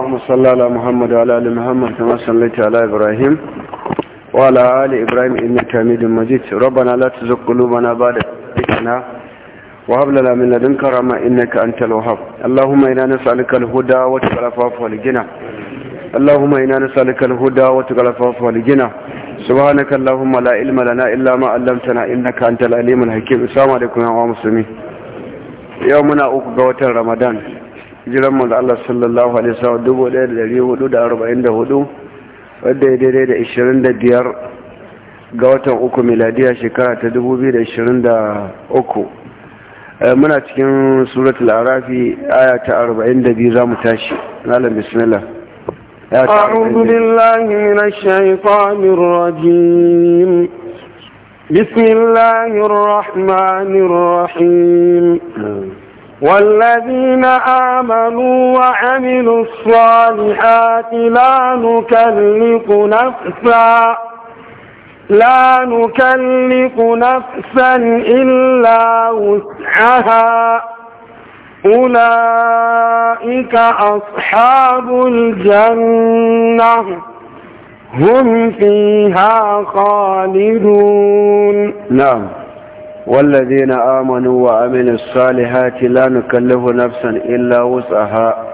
اللهم صل على محمد وعلى ال محمد كما صليت على ابراهيم وعلى ال ابراهيم انك حميد مجيد ربنا لا تزغ قلوبنا بعد إذ هديتنا وهب لنا من لدنك رحمة إنك أنت الوهاب اللهم إنا نسألك الهدى وتقى العفاف والغنى اللهم إنا نسألك الهدى وتقى العفاف والغنى سبحانك اللهم لا علم لنا إلا ما علمتنا إنك أنت العليم الحكيم السلام عليكم يا مسلمين يومنا أوك رمضان hijiran manzo Allah sallallahu alaihi wasallam dubu ɗaya da ɗari hudu da arba'in da hudu wadda ya daidai da ishirin da biyar ga watan uku miladiya shekara ta dubu biyu da ishirin da uku eh, muna cikin suratul arafi aya ta arba'in da biyu za mu tashi malam bismillah أعوذ بالله من الشيطان الرجيم بسم الله الرحمن الرحيم والذين آمنوا وعملوا الصالحات لا نكلف نفسا لا نكلف نفسا إلا وسعها أولئك أصحاب الجنة هم فيها خالدون نعم والذين آمنوا وعملوا الصالحات لا نكلف نفسا إلا وسعها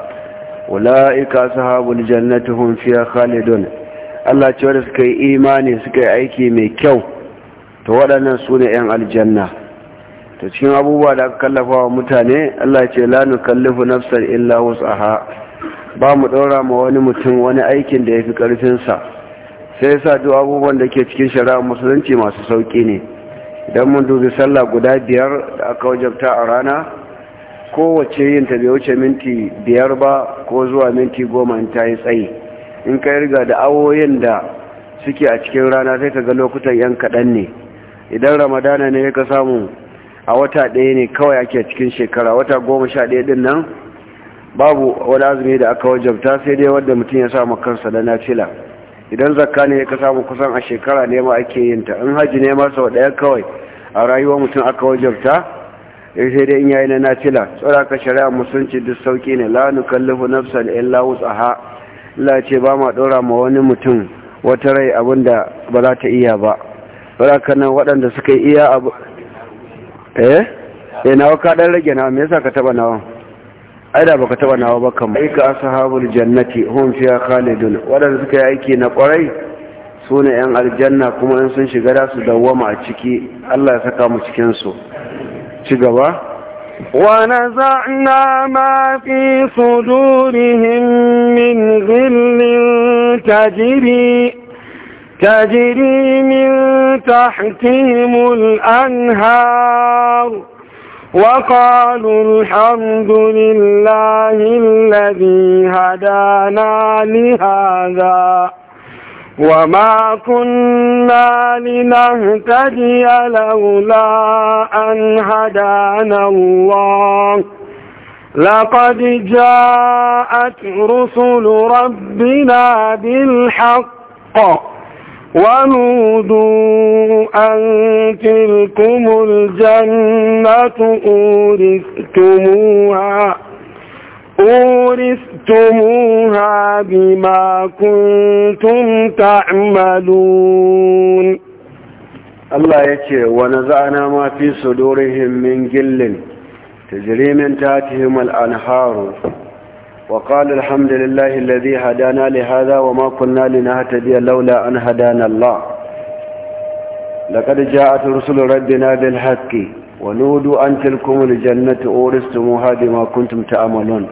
أولئك أصحاب الجنة هم فيها خالدون Allah ce wanda suka yi imani suka yi aiki mai kyau to waɗannan su ne 'yan aljanna to cikin abubuwa da aka kallafa wa mutane Allah ce la nukallifu nafsan illa wus'aha ba mu ɗora ma wani mutum wani aikin da ya fi ƙarfinsa sai sa duk abubuwan da ke cikin shari'a musulunci masu sauƙi ne idan mun dubi sallah guda biyar da aka wajabta a rana kowace yin ta bai wuce minti biyar ba ko zuwa minti goma in ta yi tsayi in ka riga da awoyin da suke a cikin rana sai ka ga lokutan yan kaɗan ne idan ramadana ne ka samu a wata ɗaya ne kawai ake cikin shekara wata goma sha ɗaya ɗin nan babu wani azumi da aka wajabta sai dai wadda mutum ya samu kansa da fila. idan zakka ne ka samu kusan a shekara ne ma ake yin ta in haji ne ma sau ɗaya kawai a rayuwar mutum aka wajabta eh, sai dai in yayi na nafila tsora ka shari'a musulunci duk sauki ne la nukallifu nafsan illa wus'aha Allah ce ba ma ɗora ma wani mutum wata rai abinda ba za ta iya ba tsora ka nan waɗanda suka iya abu eh eh nawa ka dan rage nawa me yasa ka taba nawa aida baka taba nawa ba kamar aika ashabul jannati hum fiha khalidun wadanda suka yi aiki na kwarai sune yan aljanna kuma in sun shiga da su dawwama a ciki Allah ya saka mu cikin su ci gaba ونزعنا ما في صدورهم من غل تجري تجري من تحتهم الأنهار وقالوا الحمد لله الذي هدانا لهذا وما كنا لنهتدي لولا أن هدانا الله لقد جاءت رسل ربنا بالحق ونودوا أن تلكم الجنة أورثتموها أورثتموها بما كنتم تعملون Allah ya ce wani za'ana mafi sudurihim min gillin tajirimin tatihim al'anharu وقال الحمد لله الذي هدانا لهذا وما كنا لنهتدي لولا أن هدانا الله لقد جاءت رسل ربنا بالحق ونودوا أن تلكم الجنة أورستموها بما كنتم تأملون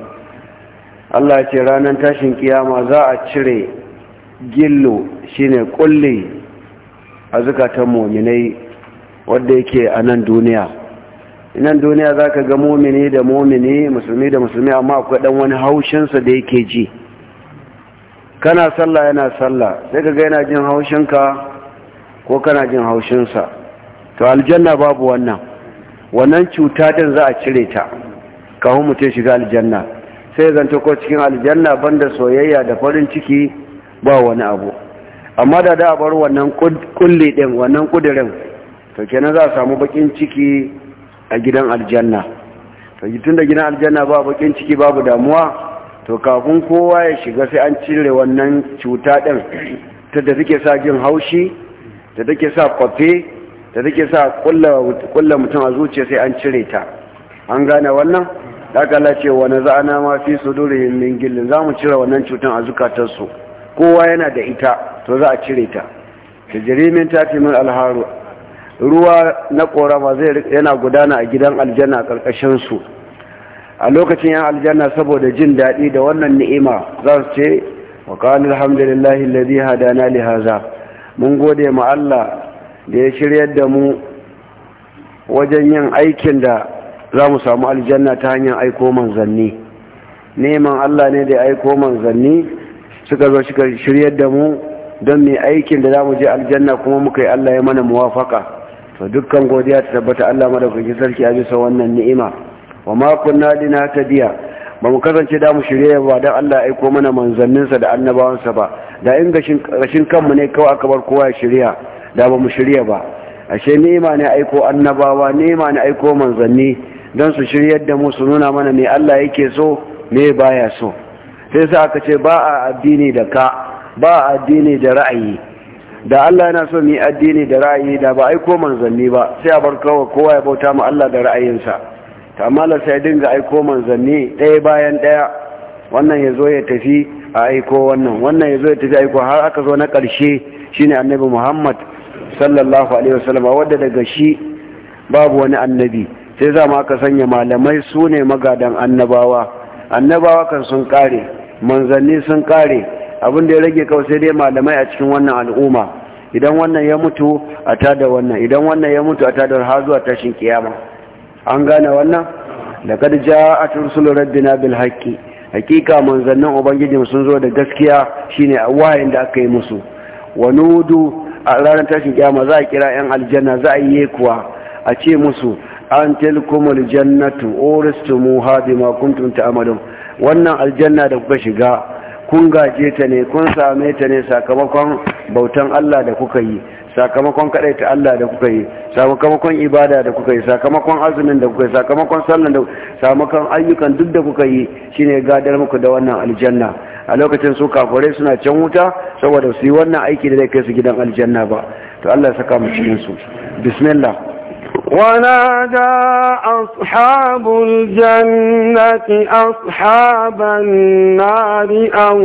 الله يترانا تاشن قياما زاء تشري gillo shine kulle a zukatan muminai wanda yake a nan duniya nan duniya za ka ga momini da momini musulmi da musulmi amma akwai ɗan wani haushinsa da yake ji kana sallah yana sallah sai ka ga yana jin haushinka ko kana jin haushinsa to aljanna babu wannan wannan cuta din za a cire ta kawun mutum shiga aljanna sai zanta ko cikin aljanna banda soyayya da farin ciki ba wani abu amma da da bar wannan kulli din wannan kudirin to kenan za a samu bakin ciki a gidan aljanna to tun da gidan aljanna ba bakin ciki babu damuwa to kafin kowa ya shiga sai an cire wannan cuta ɗin ta da suke sa jin haushi da take sa kwafe da take sa kulla mutum a zuciya sai an cire ta an gane wannan dakala ce wani za'ana ma fi su durihin min gillin za mu cire wannan cutan a zukatarsu kowa yana da ita to za a cire ta ta jirimin tafi min alharu ruwa na korama zai yana gudana a gidan aljanna a ƙarƙashin su a lokacin yan aljanna saboda jin daɗi da wannan ni'ima za su ce wa qala alhamdulillahi lalzi hadana lihaza, mun gode ma Allah da ya shirya da mu wajen yin aikin da za mu samu aljanna ta hanyar aiko manzanni neman Allah ne da ya aiko manzanni suka zo shiryar da mu don mai aikin da za mu je aljanna kuma muka yi Allah ya mana muwafaka to dukkan godiya ta tabbata Allah madaukaki sarki a bisa wannan ni'ima wa ma kunna tadiya ba mu kasance da mu shirye ba dan Allah ya aiko mana manzanninsa da annabawansa ba da in gashin kanmu ne kawai aka bar kowa ya shirya da ba mu shirya ba ashe ni'ima ne aiko annabawa ni'ima ne aiko manzanni dan su shiryar da mu su nuna mana me Allah yake so me baya so sai sa aka ce ba a addini da ka ba a addini da ra'ayi da Allah yana so mu addini da ra'ayi da ba aiko manzanni ba sai a bar kawai kowa ya bauta mu Allah da ra'ayinsa ta amma sai dinga aiko manzanni ɗaya bayan ɗaya wannan ya zo ya tafi a aiko wannan wannan ya zo ya tafi aiko har aka zo na ƙarshe shine annabi Muhammad sallallahu alaihi wasallam wanda daga shi babu wani annabi sai za mu aka sanya malamai sune magadan annabawa annabawa kan sun kare manzanni sun ƙare. abin da ya rage kawai sai dai malamai a cikin wannan al'umma idan wannan ya mutu a tada wannan idan wannan ya mutu a tada har zuwa tashin kiyama an gane wannan Da kada ja a rusul rabbina bil haqqi hakika manzannin ubangiji sun zo da gaskiya shine wahayin da aka yi musu wa nudu a ranar tashin kiyama za a kira yan aljanna za a yi kuwa a ce musu an tilkumul jannatu uristumuha bima kuntum ta'malun wannan aljanna da kuka shiga kun gaje ta ne kun same ta ne sakamakon bautan Allah da kuka yi sakamakon ta Allah da kuka yi sakamakon ibada da kuka yi sakamakon azumin da kuka yi sakamakon sallan da sakamakon ayyukan duk da kuka yi shine gadar muku da wannan aljanna a lokacin su kafirai suna can wuta saboda su yi wannan aiki da zai kai su gidan aljanna ba to Allah ya saka mu cikin su bismillah ونادى أصحاب الجنة أصحاب النار أن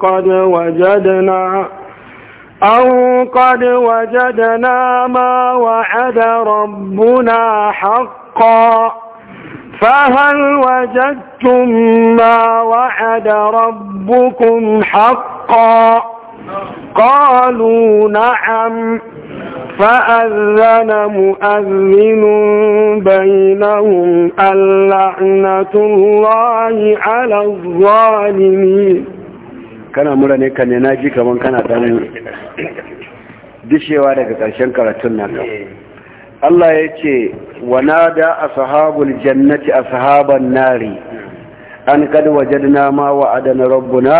قد وجدنا أو قد وجدنا ما وعد ربنا حقا فهل وجدتم ما وعد ربكم حقا قالوا نعم فأذن مؤذن بينهم اللعنة الله على الظالمين kana mura ne kan na ji kaman kana dan dishewa daga ƙarshen karatun nan Allah ya ce wa nada ashabul jannati ashaban nari an kad wajadna ma wa'adana rabbuna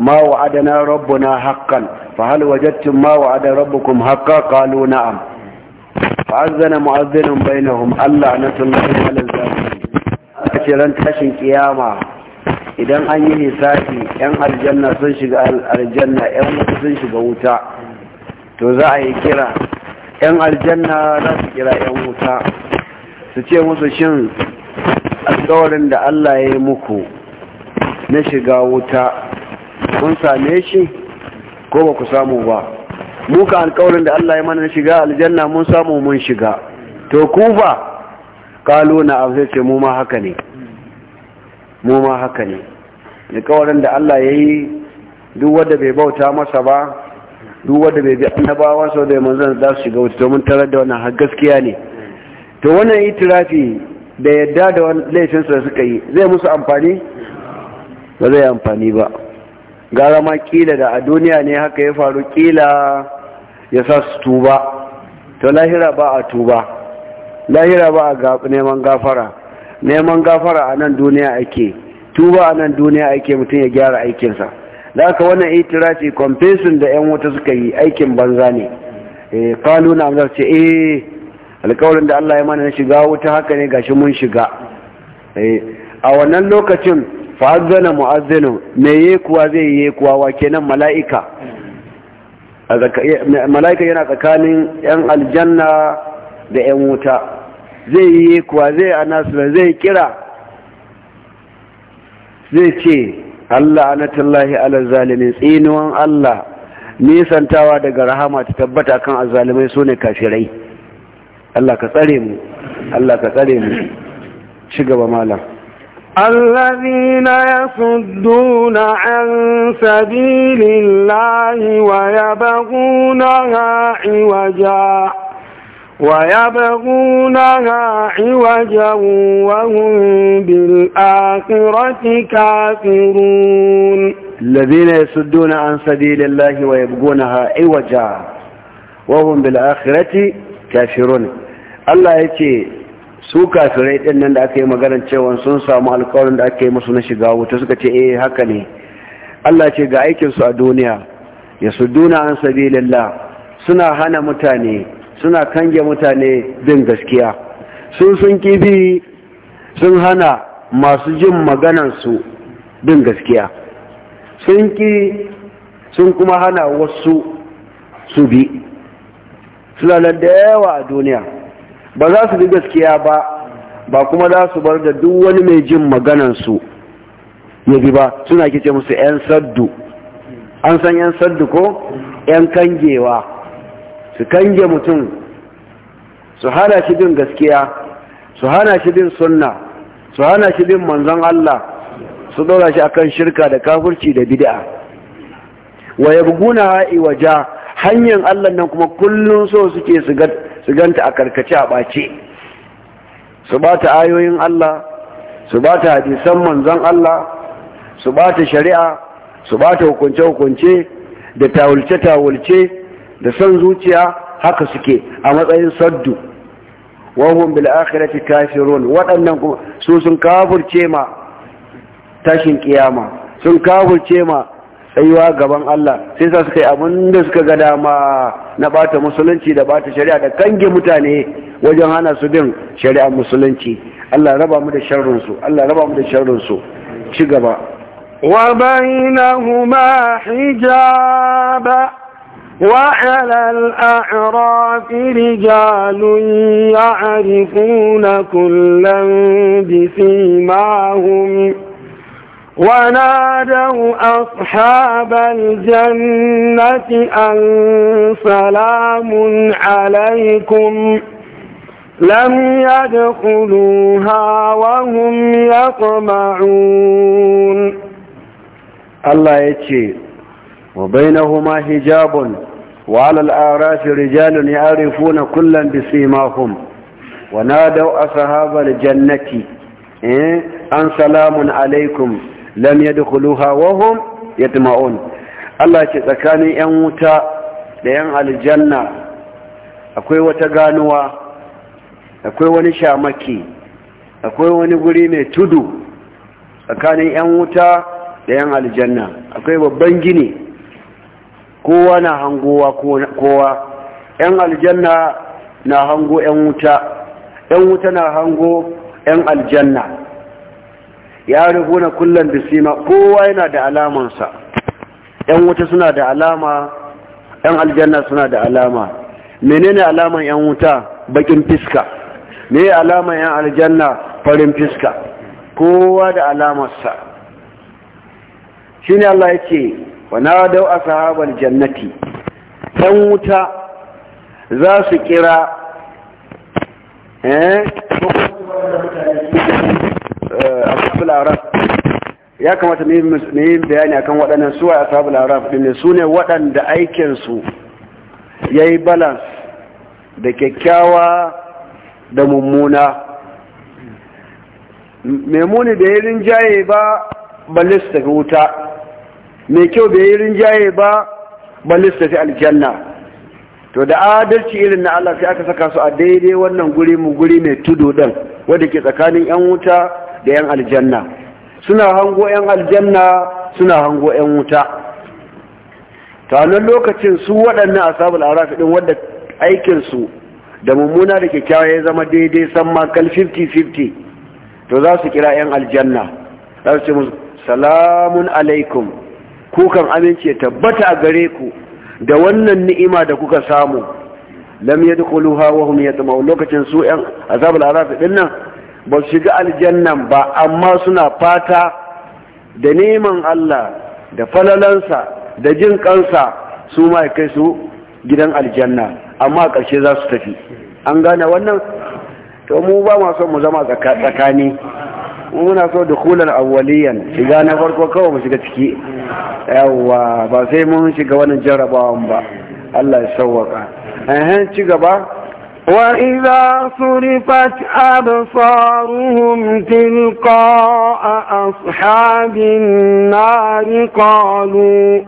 ما وعدنا ربنا حقا فهل وجدتم ما وعد ربكم حقا قالوا نعم فأذن مؤذن بينهم اللعنة الله على الظالمين أكثر تشن قيامة idan an yi lissafi yan aljanna sun shiga aljanna yan wuta sun shiga wuta to za a yi kira yan aljanna za su kira yan wuta su ce musu shin alkawarin da Allah ya yi muku na shiga wuta kun same shi ko ba ku samu ba muka alkawarin da Allah ya mana shiga aljanna mun samu mun shiga to ku ba Kalu na abu ce mu ma haka ne mu ma haka ne alkawarin da Allah ya yi duk wanda bai bauta masa ba duk wanda bai bi annabawa sau da manzon za su shiga wuta domin tarar da wannan har gaskiya ne to wannan itirafi da yadda da laifinsa da suka yi zai musu amfani ba zai amfani ba gara ma kila da a duniya ne haka ya faru kila ya sa su tuba to lahira ba a tuba lahira ba a neman gafara neman gafara a nan duniya ake tuba a nan duniya ake mutum ya gyara aikinsa da aka wannan itirafi confession da yan wuta suka yi aikin banza ne kalu eh, na amsar ce eh alkawarin da Allah ya mana na shiga wuta haka ne gashi mun shiga eh, a wannan lokacin fa'azzana mu'azzinu me kuwa zai yi kuwa wa kenan mala'ika mala'ika yana tsakanin yan aljanna da yan wuta zai yi kuwa zai ana anasira zai kira zai ce Allah anatallahi ala zalimin tsinuwan Allah nisantawa daga rahama ta tabbata kan azalimai su ne kafirai Allah ka tsare mu Allah ka tsare mu ci gaba malam الذين يصدون عن سبيل الله ويبغونها عوجا ويبغونها عوجا وهم بالآخرة كافرون الذين يصدون عن سبيل الله ويبغونها عوجا وهم بالآخرة كافرون الله يتي su kafirai din nan da aka yi maganar cewa sun samu alkawarin da aka yi musu na shiga wuta suka ce eh haka ne Allah ce ga aikinsu a duniya ya su duna an sabilillah suna hana mutane suna kange mutane bin gaskiya sun sun kifi sun hana masu jin maganansu bin gaskiya sun ki sun kuma hana wasu su bi suna da yawa a duniya ba za su bi gaskiya ba ba kuma za su bar da duk wani mai jin maganansu ya bi ba suna kice musu 'yan saddu an san 'yan saddu ko 'yan kangewa su kange mutum su hana shi bin gaskiya su hana shi bin sunna su hana shi bin manzon Allah su ɗora shi akan shirka da kafurci da bid'a wa yabguna ha'i waja hanyar Allah nan kuma kullun so suke su ga su ganta a karkace a ɓace su ba ta ayoyin Allah su ba ta hadisan manzon Allah su ba ta shari'a su ba ta hukunce-hukunce da tawulce-tawulce da son zuciya haka suke a matsayin saddu wahun bil'akirati kafirun waɗannan kuma su sun kafurce ma tashin kiyama sun kafurce ma tsayuwa gaban Allah sai sa suka yi abin da suka ga dama na bata musulunci da bata shari'a da kange mutane wajen hana su bin shari'ar musulunci Allah raba mu da sharrin su Allah raba mu da sharrin su ci gaba wa bainahuma hijaba وعلى الأعراف رجال يعرفون كلا بسيماهم ونادوا أصحاب الجنة أن سلام عليكم لم يدخلوها وهم يطمعون الله يتشي وبينهما حجاب وعلى الآراف رجال يعرفون كلا بسيماهم ونادوا أصحاب الجنة إيه؟ أن سلام عليكم lam yadkhuluha wa hum yatma'un Allah ce tsakanin yan wuta da yan aljanna akwai wata ganuwa akwai wani shamaki akwai wani guri mai tudu tsakanin yan wuta da yan aljanna akwai babban gini kowa na hangowa kowa yan aljanna na hango yan wuta yan wuta na hango yan aljanna ya rubuna kullum bisima kowa yana da alamansa ‘yan wuta suna da alama ‘yan aljanna suna da alama menene alaman ‘yan wuta bakin fiska ne alaman ‘yan aljanna farin fiska kowa da alamarsa shi ne Allah ya ce wana dau a sahabar jannati ‘yan wuta za su kira eh? Eh, ashabul araf ya kamata ne yi bayani akan waɗannan suwa ashabul araf din ne sune waɗanda aikin su yayi balance da kyakkyawa da mummuna maimuni da yi rinjaye ba balle su wuta mai kyau da yi rinjaye ba balle su tafi aljanna to da adalci irin na Allah sai aka saka su a daidai wannan guri mu guri mai tudu din wanda ke tsakanin yan wuta da 'yan aljanna suna hango 'yan aljanna suna hango 'yan wuta tanon lokacin su waɗannan asabul araf ɗin wadda aikinsu da mummuna da kyakkyawa ya zama daidai san makal 50-50 to za su kira 'yan aljanna za su ce musu salamun alaikum kukan amince tabbata a gare ku da wannan ni'ima da kuka samu lam yadkhuluha wa hum yatma'un lokacin su 'yan asabul arafi ɗin nan ba su shiga aljannan ba amma suna fata da neman Allah da falalansa da jin kansa su ma kai su gidan aljanna amma ƙarshe za su tafi an gane wannan to mu ba ma mu zama tsakani muna so da kulan awwaliyan shiga na farko kawai mu shiga ciki yawa ba sai mun shiga wannan jarabawan ba Allah ya sauwaka ehem ci gaba وإذا صرفت أبصارهم تلقاء أصحاب النار قالوا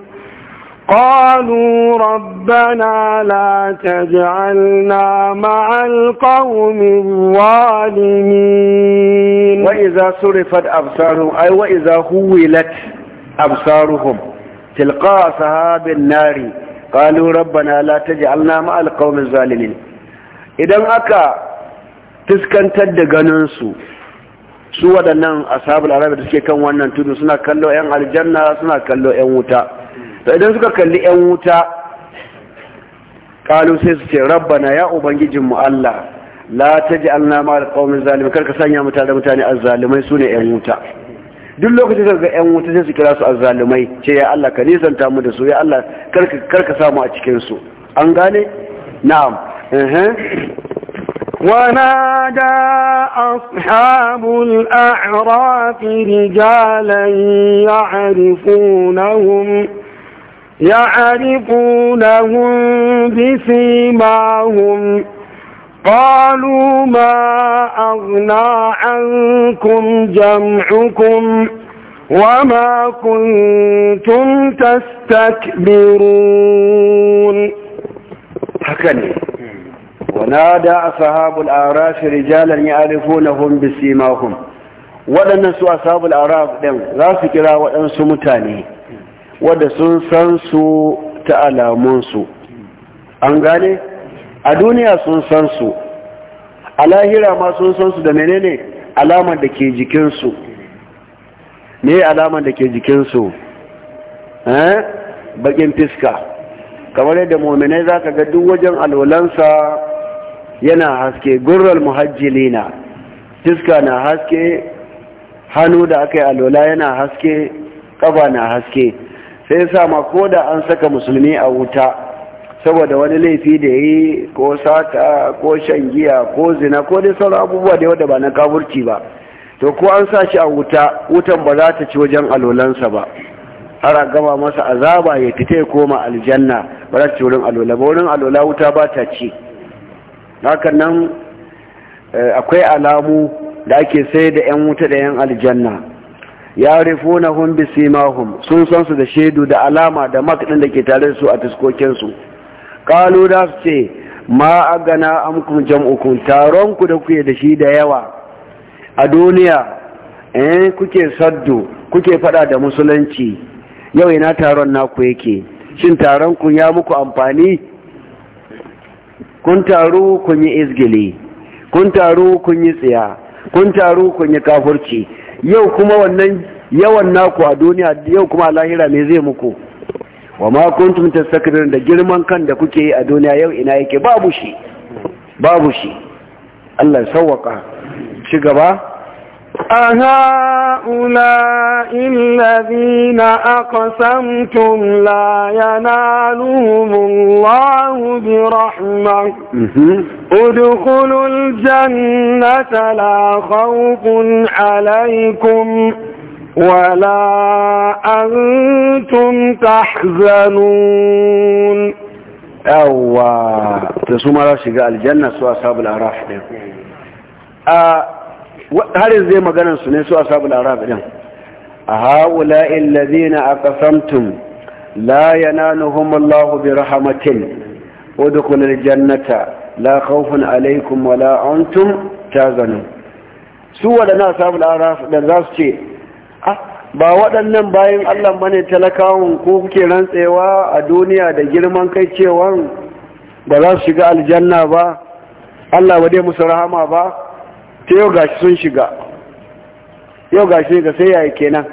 قالوا ربنا لا تجعلنا مع القوم الظالمين وإذا صرفت أبصارهم أي وإذا هولت أبصارهم تلقاء أصحاب النار قالوا ربنا لا تجعلنا مع القوم الظالمين idan aka fuskantar da ganinsu su waɗannan ashabul arabi da suke kan wannan tudu suna kallo 'yan aljanna suna kallo 'yan wuta to idan suka kalli 'yan wuta kalu sai su ce rabbana ya ubangijinmu Allah la taj'alna ma alqawmi zalimi kar ka sanya mutane da mutane azzalimai sune 'yan wuta duk lokacin da ga 'yan wuta sai su kira su azzalimai ce ya Allah ka nisanta mu da su ya Allah kar ka samu a cikin su an gane na'am ونادى أصحاب الأعراف رجالا يعرفونهم يعرفونهم بسيماهم قالوا ما أغنى عنكم جمعكم وما كنتم تستكبرون حكني ونادى أصحاب الأعراف رجالا يعرفونهم بسيماهم waɗannan su ashabul araf ɗin za su kira waɗansu mutane wadda sun san ta alamunsu an gane a duniya sun san a lahira ma sun san su da menene alamar da ke jikinsu ne alamar da ke jikinsu bakin fiska kamar yadda mominai za ka ga duk wajen alwalansa yana haske gurral muhajjilina fiska na haske hannu da aka yi alola yana haske kafa na haske sai sa ma ko da an saka musulmi a wuta saboda wani laifi da yi ko sata ko shan giya ko zina ko dai sauran abubuwa da wadda ba na kaburci ba to ko an sa shi a wuta wutan ba za ta ci wajen alolansa ba har a gama masa azaba ya fita ya koma aljanna ba za ta ci wurin alola ba wurin alola wuta ba ta ci Hakanan eh, akwai alamu da ake sai da 'yan wuta da 'yan aljanna ya rifuna hun simahum sun san su da shaidu da alama da makaɗin da ke tare su a tuskokinsu ƙalu da su ce ma a gana amkun jam'ukun ku da kuke da shi da yawa a duniya eh kuke saddu kuke fada da musulunci yau ina taron naku yake shin taron ku ya muku amfani kun taru kun yi izgili kun taru kun yi tsiya kun taru kun yi kafurci yau kuma wannan yawan naku a duniya yau kuma lahira me zai muku wa ma kuntum tastakbirun da girman kan da kuke yi a duniya yau ina yake babu shi babu shi Allah sauwaka ci gaba aha هؤلاء الذين أقسمتم لا ينالهم الله برحمة ادخلوا الجنة لا خوف عليكم ولا أنتم تحزنون أو تسمى شقاء الجنة سوى أصحاب الأراح آه har yanzu zai maganar su ne su a sabu arab din a haula illazina aqsamtum la yanaluhum Allah bi rahmatin udkhulul jannata la khawfun alaykum wa la antum tazanun su a sabu arab da za su ce ah ba waɗannan bayan Allah bane talakawun ko kuke rantsewa a duniya da girman kai cewa ba za su shiga aljanna ba Allah ba dai musu rahama ba ta yau gashi sun shiga yau gashi ga sai yaya kenan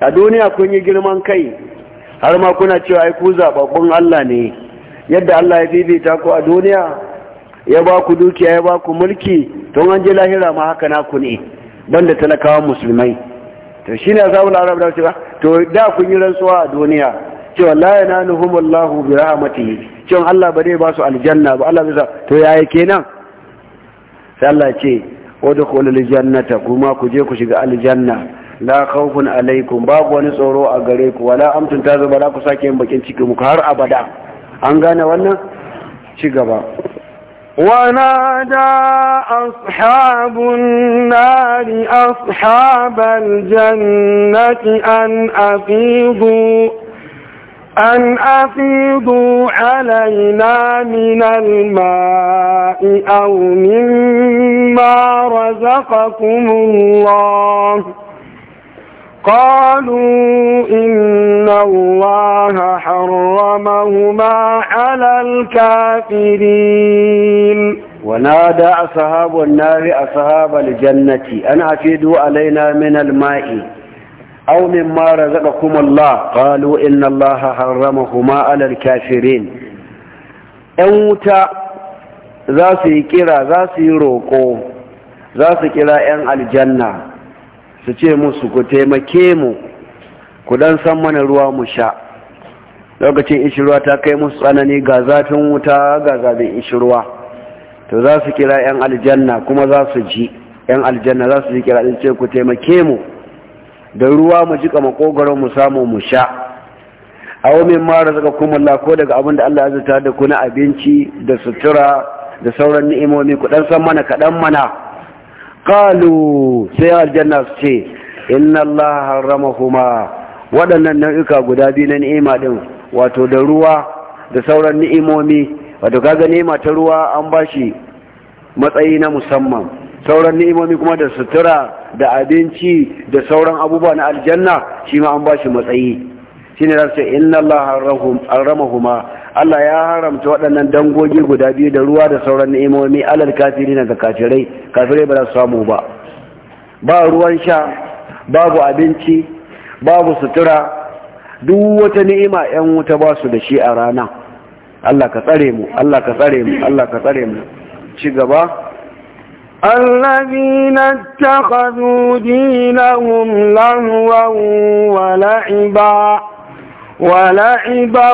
a duniya kun yi girman kai har ma kuna cewa ai ku zababbun Allah ne yadda Allah ya bibita ku a duniya ya ba ku dukiya ya ba ku mulki tun an je lahira ma haka na ku ne banda talakawan musulmai to shine azabul arab da cewa to da kun yi rantsuwa a duniya cewa la yananuhum bi rahmatihi cewa Allah ba zai ba su aljanna ba Allah zai to yaya kenan sai Allah ce udkhulul jannata kuma ku je ku shiga aljanna la khawfun alaikum babu wani tsoro a gare ku wala amtun ta zuba za ku sake yin bakin ciki mu har abada an gane wannan ci gaba ونادى أصحاب النار أصحاب الجنة أن أفيضوا أن أفيضوا علينا من الماء أو مما رزقكم الله قالوا إن الله حرمهما على الكافرين ونادى أصحاب النار أصحاب الجنة أن أفيدوا علينا من الماء أو مما رزقكم الله قالوا إن الله حرمهما على الكافرين أنت za su yi kira za su yi roƙo za su kira 'yan aljanna su ce musu ruwa mu sha lokacin ishirwa ta kai musu tsanani ga zafin wuta ga zafin ishirwa to za su kira 'yan aljanna kuma za su ji 'yan aljanna za su ji kira ɗin ce ku taimake mu da ruwa mu jika makogaron mu samu mu sha A min mara daga Allah ko daga abin da Allah ya zata da kuna abinci da sutura da sauran ni'imomi ku dan san mana kadan mana qalu sai aljanna ce inna Allah haramahuma waɗannan nau'ika guda biyu na ni'ima din wato da ruwa da sauran ni'imomi wato kaga ni'ima ta ruwa an bashi matsayi na musamman sauran ni'imomi kuma da sutura da abinci da sauran abubuwa na aljanna shi ma an bashi matsayi shi ne rasu inna Allah haramahuma Allah ya haramta waɗannan dangogi guda biyu da ruwa da sauran ni'imomi alal kafiri na ga kafirai kafirai ba za su samu ba ba ruwan sha babu abinci babu sutura duk wata ni'ima 'yan wuta ba su da shi a rana Allah ka tsare mu Allah ka tsare mu Allah ka tsare mu ci gaba الذين اتخذوا دينهم لهوا ولعبا ولعبا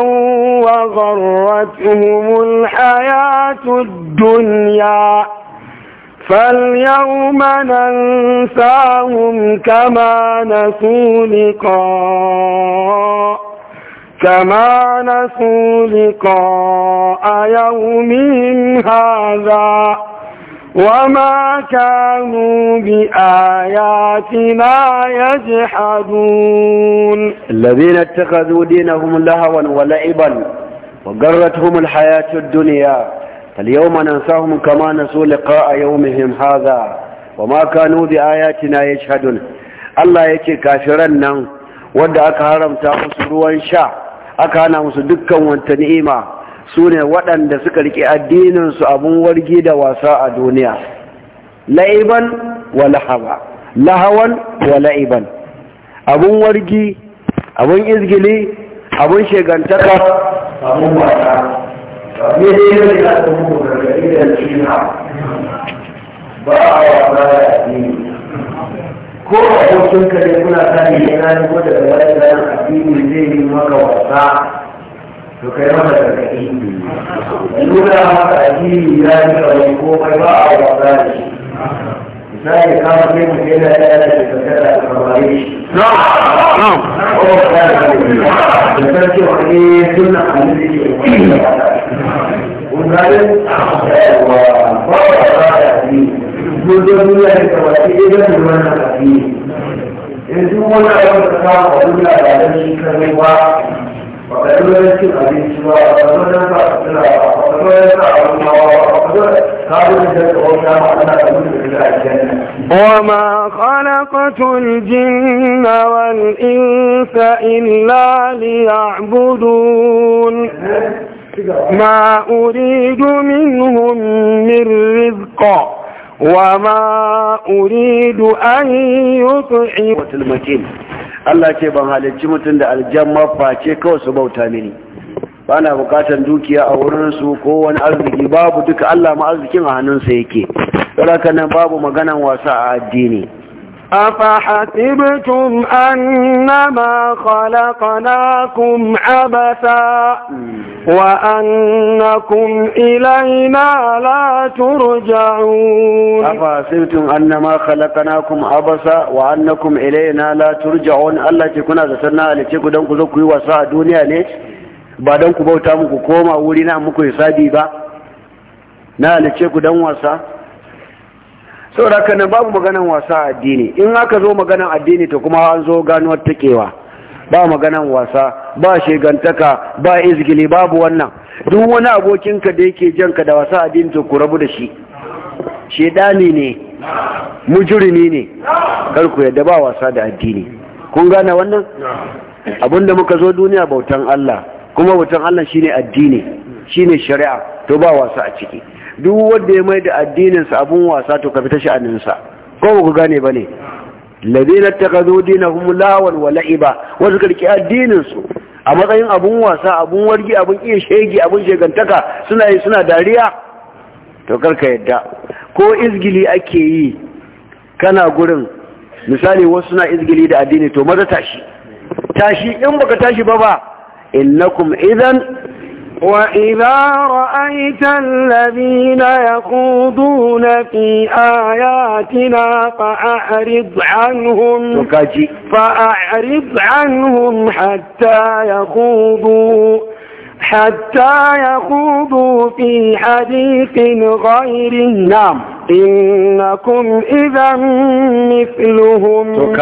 وغرتهم الحياة الدنيا فاليوم ننساهم كما نسوا لقاء كما نسوا لقاء يومهم هذا وما كانوا بآياتنا يجحدون الذين اتخذوا دينهم لهوا ولعبا وقرتهم الحياة الدنيا فاليوم ننساهم كما نسوا لقاء يومهم هذا وما كانوا بآياتنا يجحدون الله يكي كافرنا ودعك هرمتا مصر وانشا أكانا مصدقا وانتنئيما su ne waɗanda suka riƙe addininsu abin wargi da wasa a duniya la'iban wa lahaba lahawan wa la'iban Abin wargi abin izgili abin shegantaka abin wasa ne ne ne da ba a wasa ko a ka kare kuna sani yana ko da bayan addini zai yi maka wasa فكيف تتكئين لولا تأتيه ذلك الوقوف باع وقال مثال كان في مشكلة ثلاثة فكذا الخوارج نعم نعم هو كان مثال وحديث سنة حديث وذلك وفرق هذا فيه منذ الدنيا التوسيل إلى المنى فيه إن دون أن تتعرض إلى هذا الشيء وما خلقت الجن والإنس إلا ليعبدون ما أريد منهم من رزق وما أريد أن يطعم Allah ce ban halicci mutum da aljamma face kawai su bauta mini ba na bukatar dukiya a wurinsu ko wani arziki babu duka Allah ma arzikin a hannunsa yake don nan babu maganan wasa a addini أفحسبتم أنما خلقناكم عبثا وأنكم إلينا لا ترجعون أفحسبتم أنما خلقناكم عبثا وأنكم إلينا لا ترجعون الله تكون هذا سنة لتكون دنكو ذكو وساء دنيا ليش بعدنكو بوتا مكو كوما ولنا مكو يسادي با na halice ku dan wasa saboda haka nan babu maganan wasa addini in aka zo maganan addini to kuma an zo ganuwar takewa ba maganan wasa ba shegantaka ba izgili babu wannan duk wani abokinka da yake jan ka da wasa addini to ku rabu da shi shedani ne mujurimi ne karku yadda ba wasa da addini kun gane wannan abinda muka zo duniya bautan Allah kuma bautan Allah shine addini shine shari'a to ba wasa a ciki duk wanda ya mai da addininsa abun wasa to ka fita sha'aninsa ko ku gane ba ne ladina takazu dinahum lawan wa la'iba Wasu karki addininsu a matsayin abun wasa abun wargi abun iya shege abun shegantaka suna yi suna dariya to karka yadda ko izgili ake yi kana gurin misali wasu suna izgili da addini to maza tashi tashi in baka tashi ba ba innakum idan وإذا رأيت الذين يخوضون في آياتنا فأعرض عنهم فأعرض عنهم حتى يخوضوا حتى يخوضوا في حديث غير نعم إنكم إذا مثلهم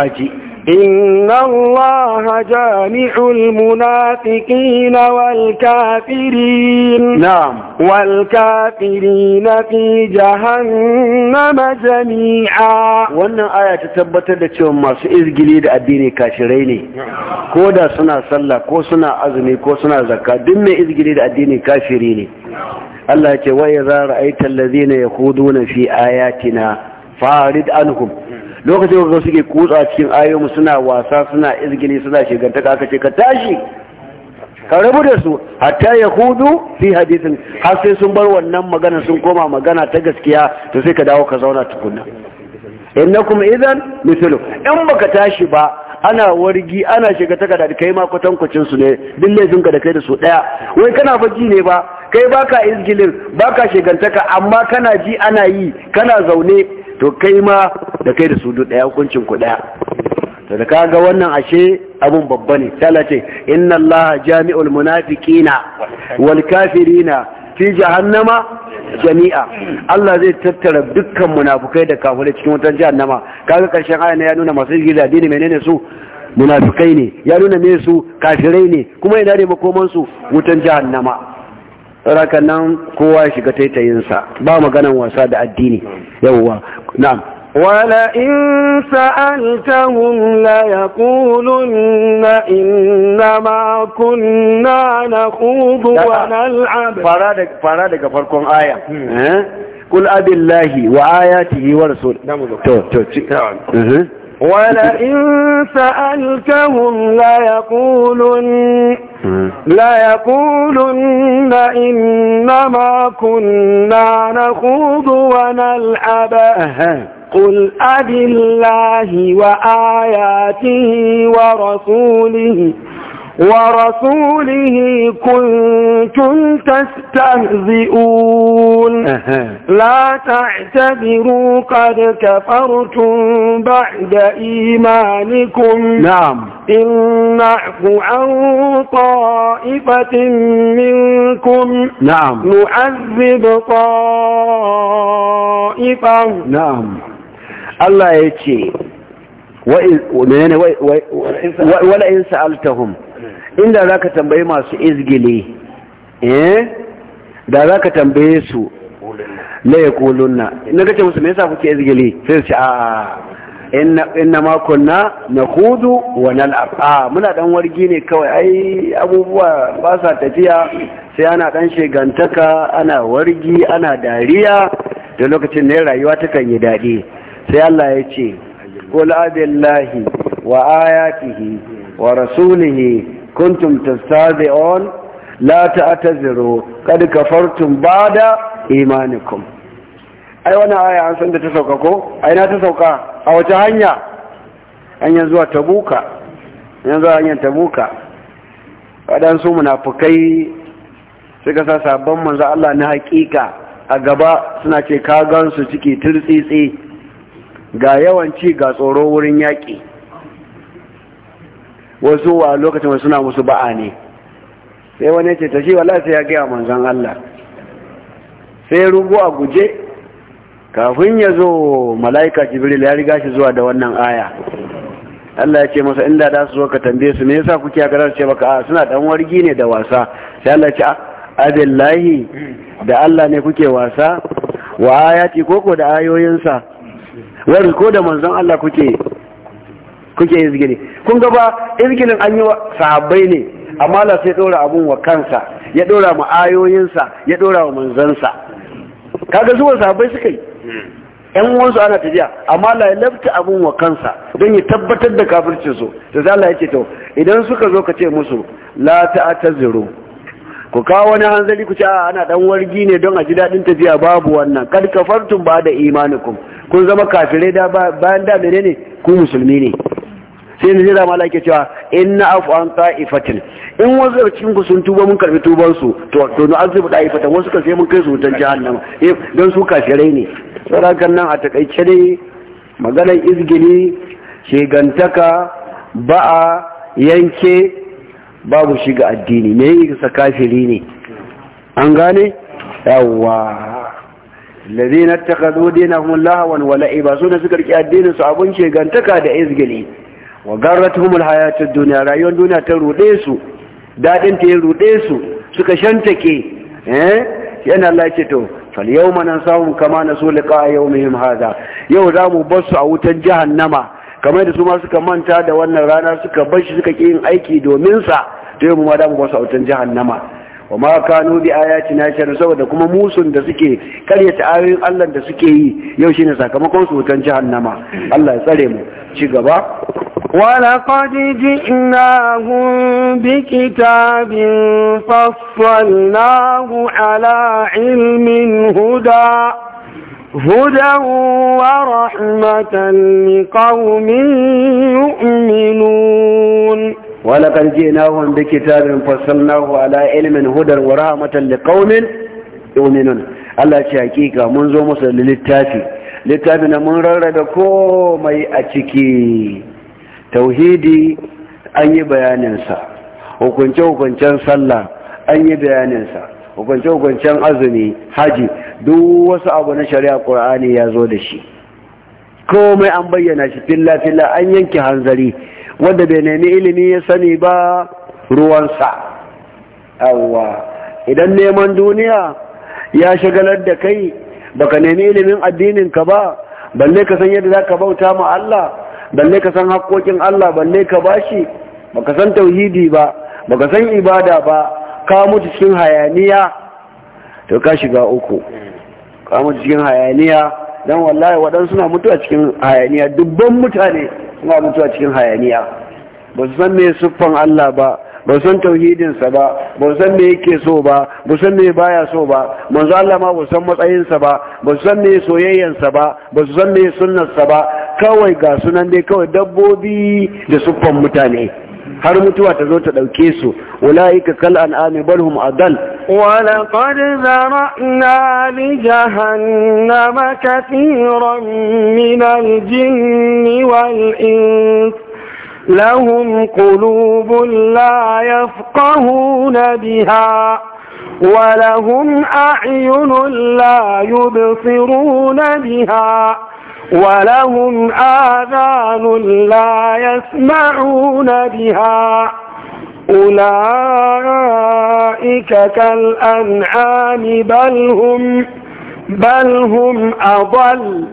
إن الله جامع المنافقين والكافرين نعم والكافرين في جهنم جميعا wannan aya ta tabbatar da cewa masu izgili da addini kashirai ne ko da suna sallah ko suna azumi ko suna zakka duk mai izgili da addini kashiri ne Allah ya ce wa idza ra'aita allazina na fi ayatina farid anhum lokacin da suke kutsa cikin ayoyi suna wasa suna izgini suna shigantaka aka ce ka tashi ka rabu da su hatta ya hudu fi hadisin har sai sun bar wannan magana sun koma magana ta gaskiya to sai ka dawo ka zauna tukunna innakum idan mithlu in baka tashi ba ana wargi ana shigantaka da kai ma kwatankwacin su ne duk laifin ka da kai da su daya wai kana faji ne ba kai baka izgilin baka shigantaka amma kana ji ana yi kana zaune to kai ma da kai da su duk daya hukuncin ku daya to da kaga wannan ashe abun babba ne talace inna allaha jami'ul munafiqina wal kafirina fi jahannama jami'a Allah zai tattara dukkan munafukai da kafirai cikin wutar jahannama kaga karshen aya ya nuna masu gida dini menene su munafukai ne ya nuna me su kafirai ne kuma ina ne makoman su wutar jahannama raka nan kowa ya shiga taitayinsa ba maganan wasa da addini yawwa na'am wala in sa'altahum la yaquluna inna ma kunna nakhudu wa nal'ab fara da fara daga farkon aya hmm. eh kul abillahi wa ayatihi wa rasul to to ولئن سألتهم ليقولن ليقولن إنما كنا نخوض ونلعب قل أبالله الله وآياته ورسوله ورسوله كنتم تستهزئون لا تعتبروا قد كفرتم بعد إيمانكم نعم إن نعفو عن طائفة منكم نعم نعذب طائفة نعم الله يتشي وإن وإن سألتهم inda za ka tambayi masu izgile eh, da za ka tambaye su na ya kulunna na kace musu me yasa kuke izgile sai su a inna ma kunna nakhudu wa nal'ab a muna dan wargi ne kawai ai abubuwa ba sa tafiya sai ana dan shegantaka ana wargi ana dariya da lokacin ne rayuwa takan yi dadi sai Allah ya ce qul abillahi wa ayatihi wa rasulihi kuntum tastazi'un la ta'taziru kad kafartum ba'da imanikum ai wannan aya an san da ta sauka ko ai na ta sauka a wace hanya hanyar zuwa tabuka hanyar zuwa hanyar tabuka waɗansu munafukai suka sa sabon manzo Allah na hakika a gaba suna ce ka gansu ciki turtsitsi ga ci ga tsoro wurin yaƙi wasu a lokacin wasu suna musu ba'a ne sai wani ce ta shi wallahi sai ya gaya manzan Allah sai rubu a guje kafin ya zo mala'ika jibril ya riga shi zuwa da wannan aya Allah ya ce masa inda da su zo ka tambaye su me yasa kuke aka ce baka a suna dan wargi ne da wasa sai Allah ya ce abillahi da Allah ne kuke wasa wa ayati koko da ayoyinsa wani ko da manzon Allah kuke kuke izgiri kun ga ba izginin an yi wa sahabbai ne amma la sai dora abun wa kansa ya dora mu ayoyinsa ya dora wa manzansa kaga zuwa sahabbai suka yi yan uwansu ana tafiya amma la labta abun wa kansa don ya tabbatar da kafircin su sai Allah yake to idan suka zo ka ce musu la ta'taziru ku kawo wani hanzari ku ce ana dan wargi ne don a ji dadin tafiya babu wannan kad kafartum ba da imanikum kun zama kafirai da bayan da menene ku musulmi ne sai ne jira mala ke cewa in na afu an ta'ifatin in wasu daga cikin ku sun tuba mun karbi tuban su to to na azubu ta'ifatan wasu kan sai mun kai su wutan jahannama eh dan su kafirai ne sarakan nan a takaice dai maganar izgili shegantaka ba'a yanke babu shiga addini me yi sa kafiri ne an gane yawwa الذين اتخذوا دينهم لهوا ولعبا سنة سكر كي الدين سعبون شيغان shegantaka دا إزجلي wa humul hayatud dunya rayuwar duniya ta rude su dadin ta ya rude su suka shantake eh yana Allah yake to fal yawma nansahum kama nasu liqa yawmihim hadha yau za zamu basu a wutan jahannama kamar da su ma suka manta da wannan rana suka bar shi suka ki yin aiki domin sa to yau mu ma da mu basu a wutan jahannama wa ma kanu bi ayatina shar saboda kuma musun da suke karyata ayoyin Allah da suke yi yau shine sakamakon su wutan jahannama Allah ya tsare mu ci gaba ولقد جئناهم بكتاب فصلناه على علم هدى هدى ورحمة لقوم يؤمنون ولقد جئناهم بكتاب فصلناه على علم هدى ورحمة لقوم يؤمنون Allah ce hakika mun zo musu da littafi littafi na mun rarrabe komai a ciki tauhidi an yi bayaninsa hukunce-hukuncen sallah an yi bayaninsa hukunce-hukuncen azumi haji duk wasu abu na shari'a ƙur'ani ya zo da shi komai an bayyana shi filla-filla an yanke hanzari wanda bai nemi ilimi ya sani ba ruwansa awa idan neman duniya ya shagalar da kai baka nemi ilimin addininka ba balle ka san yadda za ka bauta ma Allah balle ka san haƙoƙin Allah balle ka bashi baka san tauhidi ba baka san ibada ba ka mutu cikin hayaniya to ka shiga uku ka mutu cikin hayaniya dan wallahi waɗansu suna mutuwa cikin hayaniya dubban mutane suna mutuwa cikin hayaniya ba su san me siffan Allah ba ba su san tauhidinsa ba ba su san me yake so ba ba su san me baya so ba manzo Allah ma ba su san matsayinsa ba ba su san me soyayyansa ba ba su san me sa ba kawai ga sunan dai kawai dabbobi da suffan mutane har mutuwa ta zo ta ɗauke su ulaika kal an'ami bal hum adal wa laqad zara'na li jahannama katiran min al-jinni wal ins لهم قلوب لا يفقهون بها ولهم أعين لا يبصرون بها ولهم آذان لا يسمعون بها أولئك كالأنعام بل هم بل هم أضل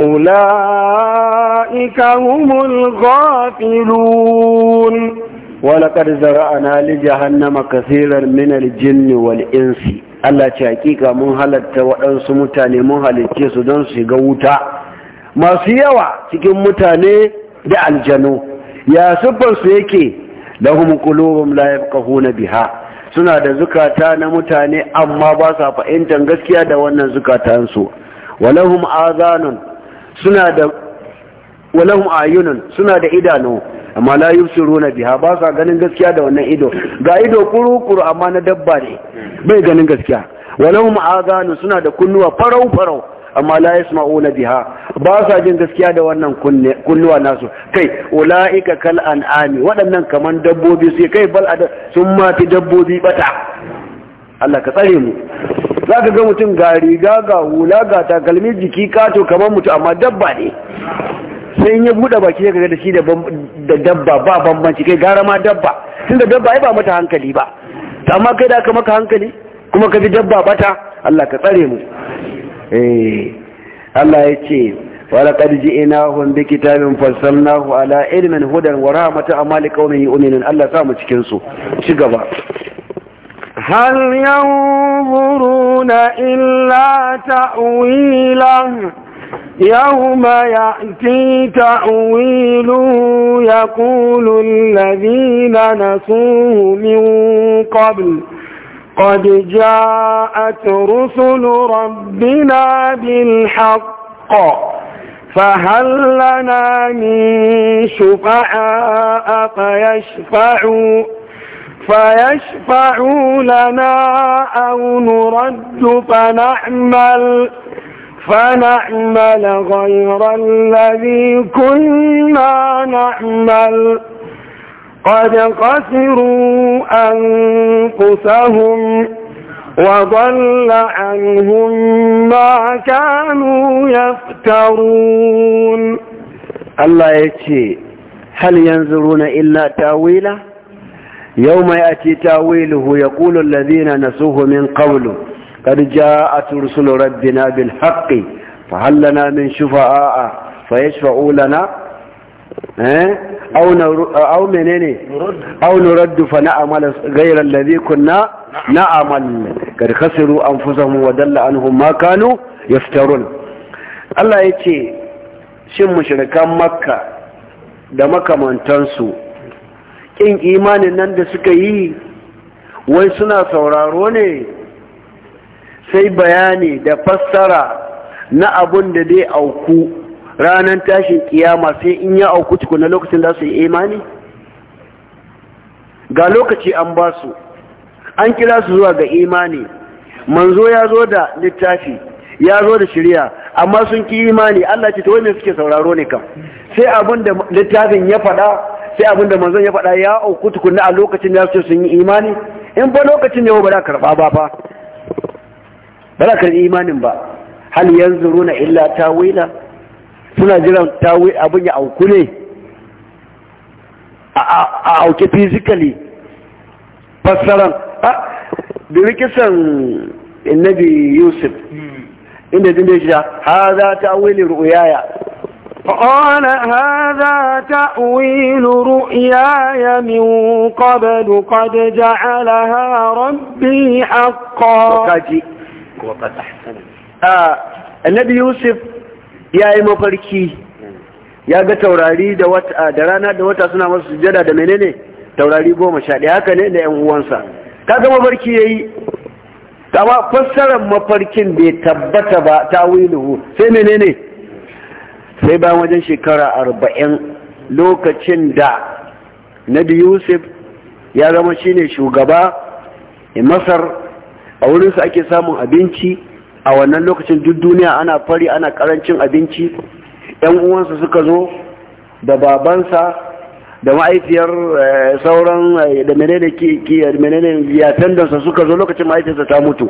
أولئك هم الغافلون ولقد زرعنا لجهنم كثيرا من الجن والإنس ألا ce من هلت halatta waɗansu mutane mun halicce masu yawa cikin mutane da aljanu ya siffarsu yake lahum qulubum la na biha suna da zukata na mutane amma ba sa fahimtar gaskiya da wannan zukatansu walahum azanun suna da walahum suna da idanu amma su runa biha ba sa ganin gaskiya da wannan ido ga ido kuru-kuru amma na dabba ne bai ganin gaskiya walahum azanun suna da kunnuwa farau-farau amma la yasma'una biha ba sa jin gaskiya da wannan kunnuwa nasu kai ulaika kal an'ami waɗannan kaman dabbobi su kai bal sun ma fi dabbobi bata Allah ka tsare mu zaka ga mutum ga riga ga hula ga takalmi jiki kato kamar mutu amma dabba ne sai in ya buɗe baki ya ga da shi da dabba ba bambanci kai gara ma dabba tunda dabba ai ba mata hankali ba amma kai da ka maka hankali kuma ka bi dabba bata Allah ka tsare mu eh Allah ya ce walaƙar ji ina hun bi kitabin hu ala ilimin hudar wa a amma yi yu'minun Allah sa mu cikin su ci gaba هل ya إلا تأويله يوم يأتي تأويله يقول الذين نسوه من قبل قد جاءت رسل ربنا بالحق فهل لنا من شفعاء فيشفعوا فيشفعوا لنا أو نرد فنعمل فنعمل غير الذي كنا نعمل قد قسروا أنفسهم وضل عنهم ما كانوا يفترون الله يتي هل ينظرون إلا تاويله يوم يأتي تاويله يقول الذين نسوه من قوله قد جاءت رسل ربنا بالحق فهل لنا من شفعاء فيشفعوا لنا Eh? au menene au nuraddu fa na'amal ghayra alladhi kunna na'amal kad khasiru anfusahum wa dalla anhum ma kanu yaftarun Allah yace shin mushirikan makka da makamantansu kin imanin nan da suka yi wai suna sauraro ne sai bayani da fassara na abun da zai auku ranar tashin kiyama sai in ya auku tukuna lokacin za su yi imani ga lokaci an ba su an kira su zuwa ga imani manzo ya zo da littafi ya zo da shirya amma sun ki imani Allah ce ta wani suke sauraro ne kam sai abin da littafin ya faɗa sai abin da manzon ya faɗa ya auku tukuna a lokacin da su sun yi imani in ba lokacin ne ba za karɓa ba fa ba za karɓi imanin ba hal yanzu runa illa tawila suna jiran tawi abin ya auku ne a auke physically fassaran da kisan annabi yusuf inda zai shi ha za ta wili ru'uyaya قال هذا تأويل رؤياي من قبل قد جعلها ربي حقا وقد أحسن النبي يوسف ya yi mafarki ya ga taurari da rana da wata suna masu sujada da menene taurari goma sha ɗaya haka ne da yan uwansa kaga mafarki ya yi kama fassarar mafarkin bai tabbata ba ta wiluhu sai menene sai bayan wajen shekara arba'in lokacin da nabi yusuf ya zama shine shugaba a masar a wurinsa ake samun abinci a wannan lokacin duk duniya ana fari ana karancin abinci yan uwansa suka zo da babansa da ma'aifiyar eh, sauran eh, da menene ki menene tandansa suka zo lokacin ma'aifiyarsa ta mutu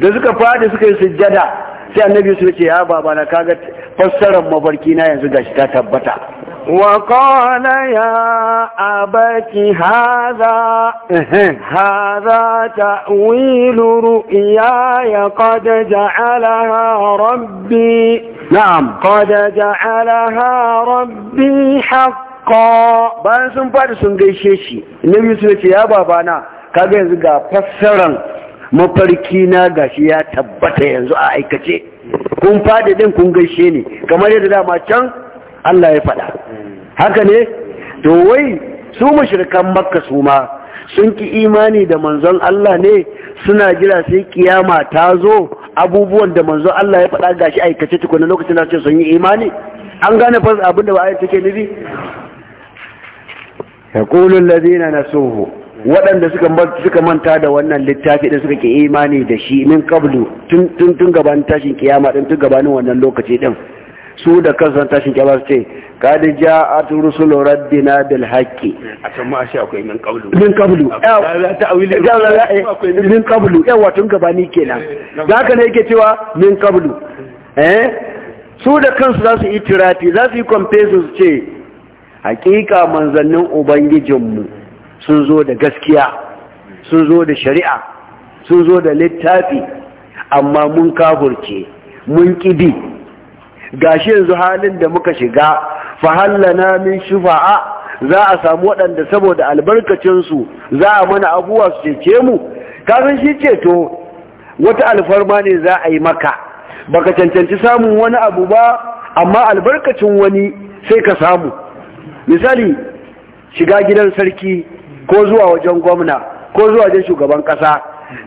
da suka fadi suka yi sujjada sai annabi su ce ya babana na kaga fassarar mafarki na yanzu gashi ta tabbata Wakolaya يا أبت هذا هذا تأويل رؤياي قد جعلها ربي نعم قد جعلها ربي sun faɗi sun gaishe shi nabi sun ce ya babana ga yanzu ga fassaran mafarki na gashi ya tabbata yanzu a aikace kun fadi din kun gaishe ni kamar yadda dama can Allah ya faɗa haka ne to wai su mushrikan makka su ma sun ki imani da manzon Allah ne suna jira sai kiyama ta zo abubuwan da manzon Allah ya faɗa gashi aikace tukuna lokacin da ce sun yi imani an gane fa abin da ba ayat take nufi yaqulu allazina nasuhu waɗanda suka manta da wannan littafi da suka ke imani da shi min kablu tun gabanin tashin kiyama din tun gabanin wannan lokaci din su da kansu tashin kiyama su ce kad ja'at rusul rabbina bil haqqi a can ma shi akwai min kablu min kablu min kablu yawa tun gabani kenan da haka ne yake cewa min kablu eh su da kansu za su yi tirati za su yi kwamfe su ce hakika manzannin ubangijinmu sun zo da gaskiya sun zo da shari'a sun zo da littafi amma mun kafurce mun ƙibi gashi yanzu halin da muka shiga fahallana min shufa'a za a samu waɗanda saboda albarkacinsu za a mana abuwa su cece mu kafin shi ceto wata alfarma ne za a yi maka baka cancanci samun wani abu ba amma albarkacin wani sai ka samu misali shiga gidan sarki ko zuwa wajen gwamna ko zuwa wajen shugaban kasa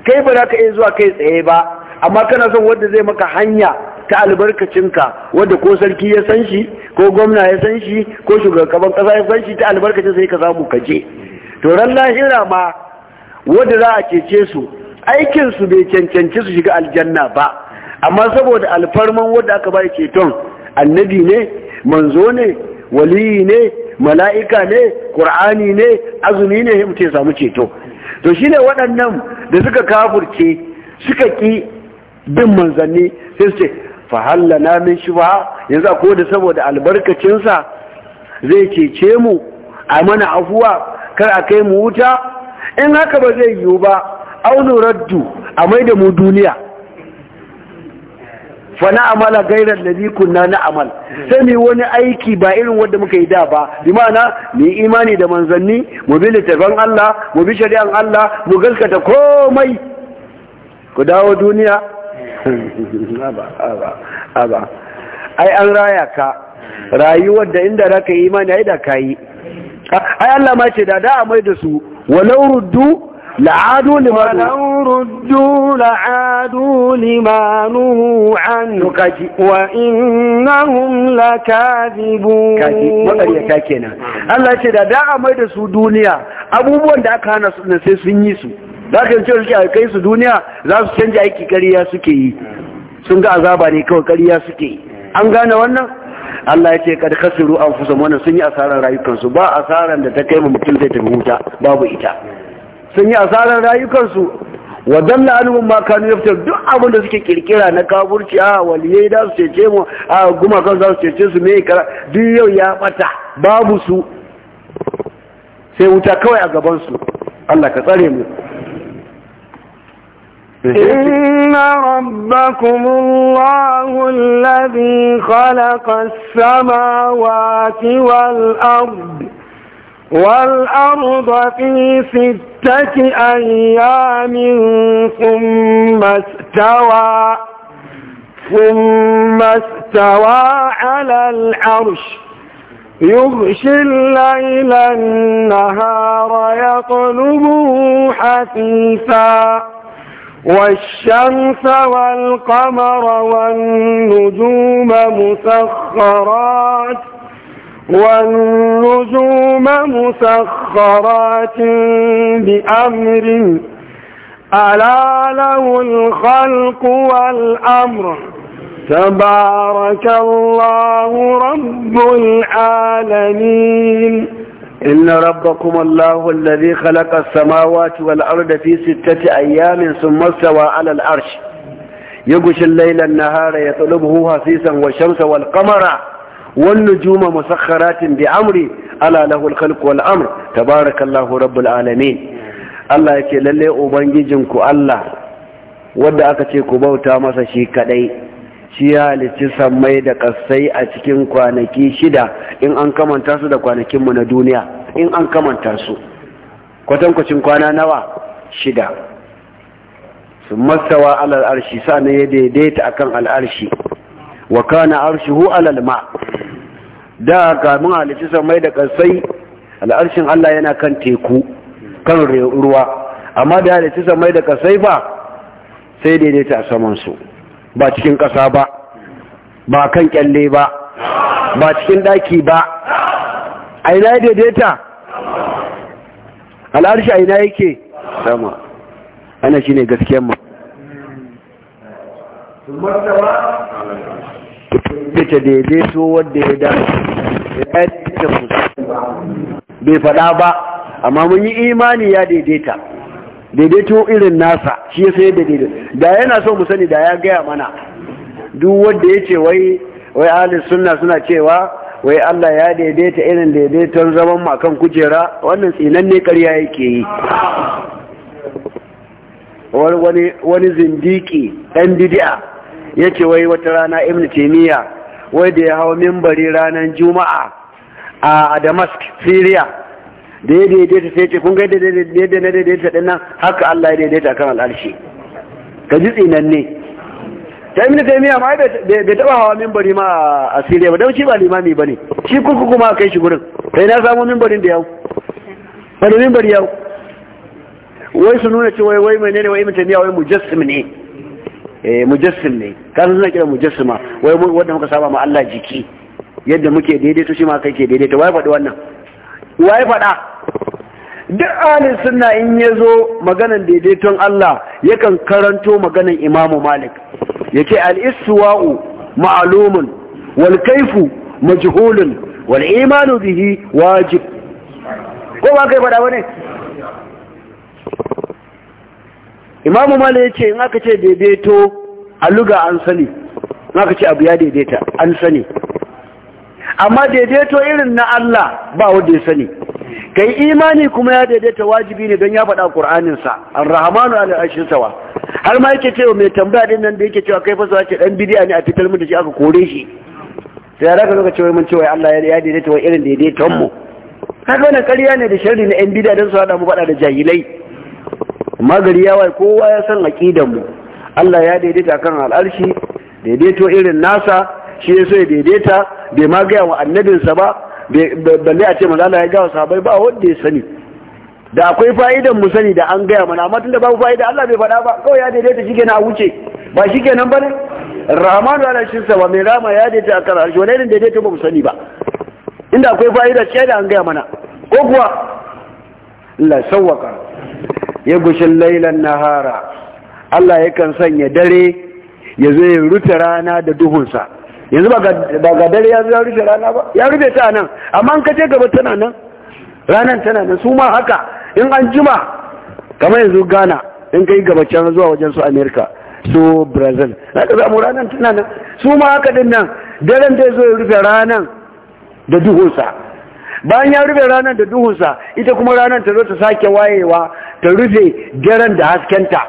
kai ba za ka iya zuwa kai tsaye ba amma kana son wanda zai maka hanya ta albarkacinka wanda ko sarki ya san shi ko gwamna ya san shi ko shugaban kasa ya san shi ta albarkacin sai ka samu ka je to ran lahira ma wanda za a cece su aikin su bai cancanci su shiga aljanna ba amma saboda alfarman wanda aka bai ceton annabi ne manzo ne waliyi ne mala'ika ne ƙur'ani ne azumi ne mutum ya samu ceto to shine waɗannan da suka kafurce suka ƙi bin manzanni sai su ce na min ba yanzu akwai da saboda albarkacinsa zai cece mu a mana afuwa kar a kai mu wuta in haka ba zai yiwu ba raddu a mai da mu duniya fa amala gairar ladhi kunna na amal sai mu wani aiki ba irin wanda muka yi da ba bi ma'ana mu imani da manzanni mu bi littafin Allah mu bi shari'an Allah mu gaskata komai ku dawo duniya aba ai an raya ka rayuwar da inda zaka yi imani ai da kayi ai Allah ma ce da da amai da su walau ruddu لعادوا لما ولو ردوا لعادوا لما نهوا عنه وإنهم لكاذبون وقال كاكينا الله يتدى دعا ميدا سو دنيا abubuwan da aka hana su sai sun yi su za ka canza cewa suke kai su duniya za su canja aiki kariya suke yi sun ga azaba ne kawai karya suke yi an gane wannan Allah ya ce kad khasiru anfusahum wannan sun yi asaran rayukansu ba asaran da ta kai mutum zai tafi wuta babu ita sun yi asarar rayukansu wa dalla makani ma kanu duk abin da suke kirkira na kaburci a waliye da su cece mu a gumakan za su cece su me kara duk yau ya bata babu su sai wuta kawai a gabansu su Allah ka tsare mu إن ربكم الله الذي خلق السماوات والأرض والأرض في ستة أيام ثم استوى ثم استوى على العرش يغشي الليل النهار يطلبه حثيثا والشمس والقمر والنجوم مسخرات والنجوم مسخرات بأمر ألا له الخلق والأمر تبارك الله رب العالمين إن ربكم الله الذي خلق السماوات والأرض في ستة أيام ثم استوى على العرش يغشي الليل النهار يطلبه حسيسا والشمس والقمر wan nujuma musakharatin bi amri ala lahu al-khalqu wal amr tabarakallahu rabbul alamin Allah yake lalle ubangijin ku Allah wanda aka ce ku bauta masa shi kadai shi ya halicci sammai da kasai a cikin kwanaki shida in an kamanta su da kwanakin mu na duniya in an kamanta su kwatankwacin kwana nawa shida sun mastawa alal sa na ya daidaita akan al'arshi wa kana arshuhu alal ma da kamun halitta mai da kasai al'arshin Allah yana kan teku kan ruwa amma da halitta mai da kasai ba sai daidaita a saman su ba cikin kasa ba ba kan kyalle ba ba cikin daki ba a ina daidaita al'arshi a ina yake sama ana shine gaskiyar mu ta daidaito wadda ya dace ya bai faɗa ba amma mun yi imani ya daidaita daidaito irin nasa shi ya sayar da daidaito da yana so mu sani da ya gaya mana duk wanda ya ce wai wai ahalin sunna suna cewa wai Allah ya daidaita irin daidaiton zaman makan kujera wannan tsinan ne ƙarya yake yi wani zindiki ɗan bidi'a ce wai wata rana ibn taimiyya, wai da ya hawo minbari ranar juma'a a damask syria da ya daidaita sai ce kun ga yadda na daidaita din nan haka Allah ya daidaita kan al'arshi ka ji tsinan ne ta ibn taimiyya ma bai taba hawa minbari ma a syria ba don shi ba limami bane shi kurkuku ma kai shi gurin kai na samu minbarin da yau ba da minbari yau wai su nuna cewa wai menene wai ibnu taymiya wai mujassim ne Eh, mujassim ne ka suna kira mujassima wai wanda muka saba ma Allah jiki yadda muke daidaito shi ma kai ke daidaito wai faɗi wannan wai faɗa duk alin sunna in ya zo maganan daidaiton Allah yakan karanto maganan imamu malik yake al-iswa'u ma'lumun wal kayfu majhulun wal imanu bihi wajib ko ba kai faɗa bane imamu malik yake in aka ce daidaito a luga an sani in aka ce abu ya daidaita an sani amma daidaito irin na Allah ba wanda ya sani kai imani kuma ya daidaita wajibi ne don ya faɗa ƙur'aninsa sa ar-rahmanu ala arshin sawa har ma yake cewa mai tambaya din nan da yake cewa kai fasa ce dan bidiya ne a fitar mu da shi aka kore shi sai ya raka lokaci wai mun cewa Allah ya daidaita wa irin daidaiton mu kaga wannan ƙarya ne da sharri na yan bidiya don su haɗa mu faɗa da jahilai amma gari ya wai kowa ya san aƙidan mu Allah ya daidaita kan al'arshi daidaito irin nasa shi ya so ya daidaita bai ma gaya wa annabinsa ba balle a ce manzo Allah ya gawa wa sahabbai ba wanda ya sani da akwai fa'idan mu sani da an gaya mana amma tunda babu fa'ida Allah bai faɗa ba kawai ya daidaita shi kenan a wuce ba shi kenan bane Rahmanu ala shin sa ba mai rama ya daidaita akan al'arshi. wani irin daidaito ba mu sani ba inda akwai fa'ida ce da an gaya mana ko kuwa Allah sawwaka ya gushin lailan nahara Allah yakan sanya dare ya zo ya rufe rana da duhunsa yanzu ba ga dare ya zo ya rufe rana ba ya rufe ta nan amma ka je gaba tana nan ranar tana nan su ma haka in an jima kamar yanzu Ghana in kai gaba can zuwa wajen su Amerika su Brazil za ka samu ranar tana nan su ma haka din nan daren da ya zo ya rufe ranar da duhunsa bayan ya rufe ranar da duhunsa ita kuma ranar ta zo ta sake wayewa ta rufe daren da haskenta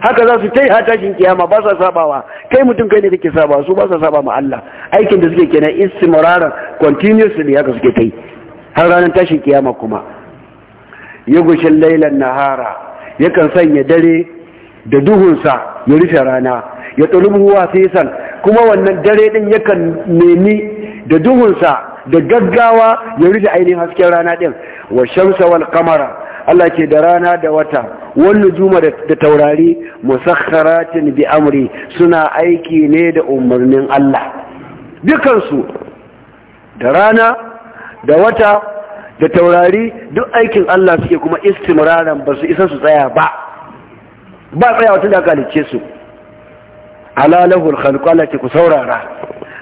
haka za su ta yi hatashin kiyama ba sa sabawa kai mutum kai ne kake saba su ba sa saba ma Allah aikin da suke kenan istimraran continuously haka suke kai har ranar tashin kiyama kuma ya yugushin lailan nahara yakan sanya dare da duhunsa ya rufe rana ya tulubu sai san kuma wannan dare din yakan nemi da duhunsa da gaggawa ya rufe ainihin hasken rana ɗin, wa shamsa wal kamara Allah ce da rana da wata wani juma da taurari musakharatin bi amri suna aiki ne da umarnin Allah dukansu da rana da wata da taurari duk aikin Allah suke kuma istimraran ba su isa su tsaya ba ba tsayawa tun da aka halicce su ala lahul khalqu Allah ce ku saurara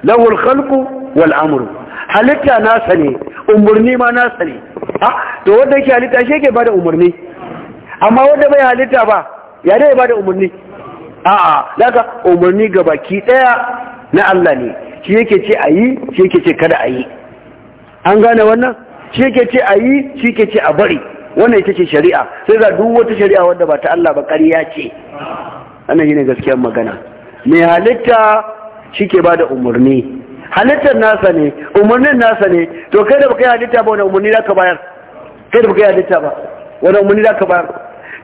lahul khalqu wal amru halitta nasa ne umarni ma nasa ne ah, to wanda yake halitta shi yake bada umarni amma wanda bai halitta ba ya dai bada umarni a'a daga umarni ga baki daya na Allah ne shi yake ce ayi shi yake ce kada ayi an gane wannan shi yake ce ayi shi yake ce a bari wannan ita ce shari'a sai za duk wata shari'a wadda ba ta Allah ba ƙarya ce wannan shine gaskiyar magana mai halitta shi ke bada umarni halittar nasa ne umarnin nasa ne to kai da baka yi halitta ba wani umarni da ka bayar kai da baka yi halitta ba wani umarni da ka bayar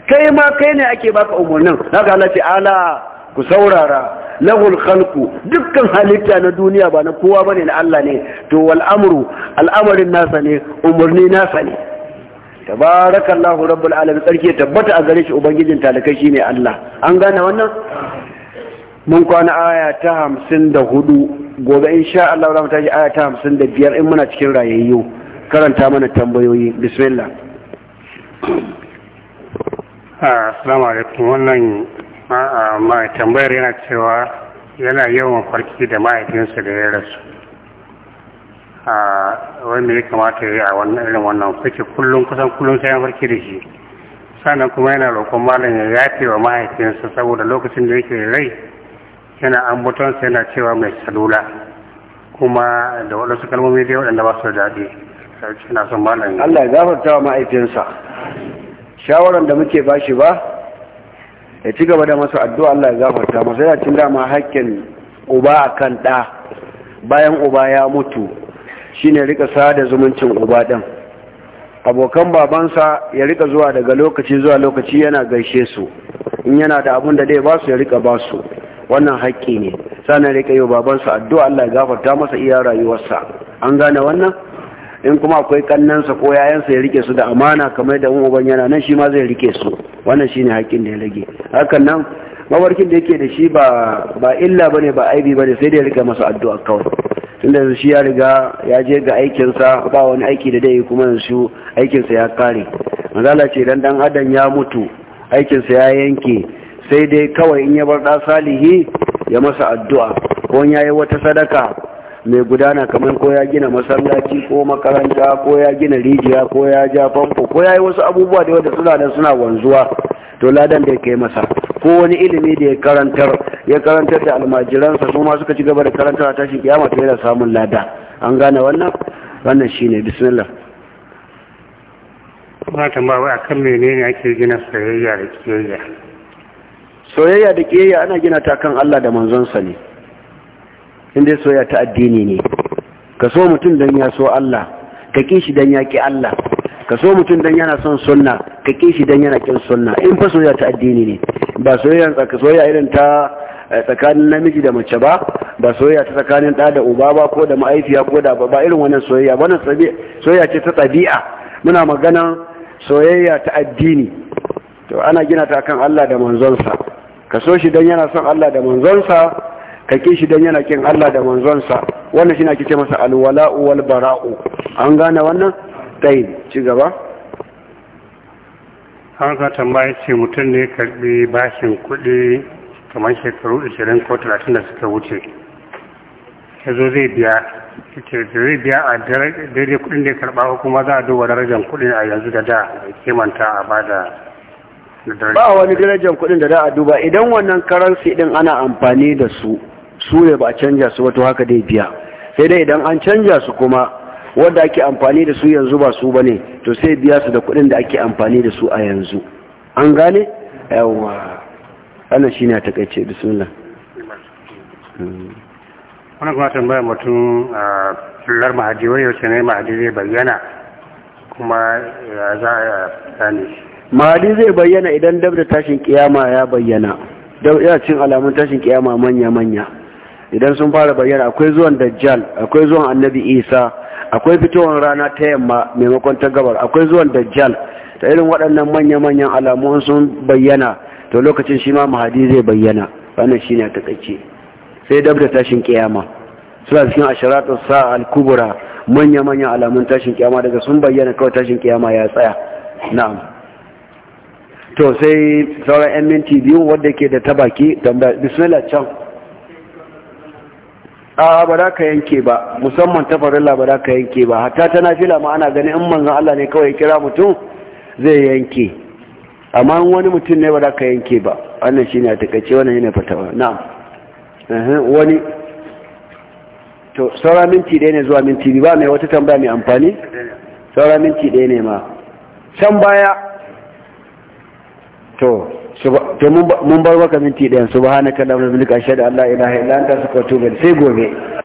kai ma kai ne ake baka umarnin haka Allah ce ala ku saurara lahul khalqu dukkan halitta na duniya ba na kowa bane na Allah ne to wal amru al'amarin nasa ne umarni nasa ne tabarakallahu rabbul alamin sarki tabbata a gare shi ubangijin talakai shine Allah an gane wannan mun kwana aya ta 54 gobe in sha Allah za mu tashi aya ta biyar in muna cikin rayayyu karanta mana tambayoyi bismillah ah, assalamu alaikum wannan ah, ah, tambayar yana cewa yana yawan farki da mahaifinsa da ya rasu a wani ya kamata ya yi a wannan irin wannan kullum kusan kullum sai ya farki da shi sannan kuma yana roƙon malam ya yafe wa mahaifinsa saboda lokacin da yake rai yana ambaton sa yana cewa mai salula kuma da waɗansu kalmomi dai waɗanda ba su da daɗi suna son malam Allah ya gafarta wa ma'aikinsa shawaran da muke bashi ba ya ci gaba da masu addu'a Allah ya gafarta masa yana cin dama haƙƙin uba a kan ɗa bayan uba ya mutu shine rika sada zumuncin uba ɗin abokan babansa ya rika zuwa daga lokaci zuwa lokaci yana gaishe su in yana da abun da dai ba su ya rika ba su wannan haƙƙi ne sana rika yi babansa addu'a Allah ya gafarta masa iya rayuwarsa an gane wannan in kuma akwai ƙannansa ko yayansa ya rike su da amana kamar da uban yana nan shi ma zai rike su wannan shi ne haƙƙin da ya rage hakan nan mawarkin da yake da shi ba illa ba ne ba aibi ba ne sai da ya rike masa addu'a kawai tunda shi ya riga ya je ga aikinsa ba wani aiki da dai kuma yanzu aikinsa ya kare Mazala ce dan dan adam ya mutu aikinsa ya yanke sai dai kawai in ya bar ɗa salihi ya masa addu'a ko ya yi wata sadaka mai gudana kamar ko ya gina masallaci ko makaranta ko ya gina rijiya ko ya ja famfo ko ya yi wasu abubuwa da wanda suna da suna wanzuwa to ladan da ya kai masa ko wani ilimi da ya karantar ya karantar da almajiransa su ma suka ci gaba da karantar tashin kiyama to yana samun lada an gane wannan wannan shine bismillah ba tambaya akan menene ake gina sayayya da kiyayya soyayya da ƙiyayya ana gina ta kan Allah da manzonsa ne inda soyayya ta addini ne ka so mutum don ya so Allah ka ƙi shi don ya ƙi Allah ka so mutum don yana son sunna ka ƙi shi don yana ƙin sunna in fa soyayya ta addini ne ba soyayya soyayya irin ta eh, tsakanin namiji da mace ba ba soyayya ta tsakanin ɗa da uba ba ko da ma'aifiya ko da ba irin wannan soyayya wannan soyayya ce ta tabi'a muna magana soyayya ta addini to ana gina ta kan Allah da manzonsa ka so shi dan yana son Allah da manzonsa ka ki shi dan yana kin Allah da manzonsa wannan shine ake ce masa alwala'u wal bara'u an gane wannan tayi ci gaba an ka tambaya ce mutum ne karbi bashin kuɗi kamar shekaru 20 ko 30 da suka wuce ya zo zai biya ce zai biya a daidai kudin da ya karba kuma za a duba darajar kudin a yanzu da da kimanta a bada ba wani darajar kuɗin da za a duba idan wannan karansi din ana amfani da su su ne ba a canja su wato haka dai biya sai dai idan an canja su kuma wanda ake amfani da su yanzu ba su bane to sai biya su da kuɗin da ake amfani da su a yanzu an gane yawa wannan ne a takaice bismillah hmm. wani kuma tambaya mutum a fillar mahadi wani na ne mahadi zai bayyana kuma ya za a gane mahadi zai bayyana idan dab da tashin kiyama ya bayyana dab ya cin alamun tashin kiyama manya manya idan sun fara bayyana akwai zuwan dajjal akwai zuwan annabi isa akwai fitowar rana ta yamma maimakon ta gabar akwai zuwan dajjal ta irin waɗannan manya manyan alamun sun bayyana to lokacin shi ma mahadi zai bayyana wannan shine a takaice sai dab da tashin kiyama suna cikin asharatus sa'a al-kubra manya manyan alamun tashin kiyama daga sun bayyana kawai tashin kiyama ya tsaya na'am to sai sauran 'yan minti biyu wadda ke da tabaki tambaya bismillah can a ba za ka yanke ba musamman ta farilla ba za ka yanke ba hatta ta fi ma ana gani in manzan Allah ne kawai kira mutum zai yanke amma wani mutum ne ba za ka yanke ba wannan shine a takaice wannan yana ba na wani to saura minti ɗaya ne zuwa minti biyu ba mai wata tambaya mai amfani saura minti ɗaya ne ma can baya to to mun bar maka minti ɗayan subhanaka allahumma wa bihamdika ashhadu an la ilaha illa anta astaghfiruka wa atubu sai gobe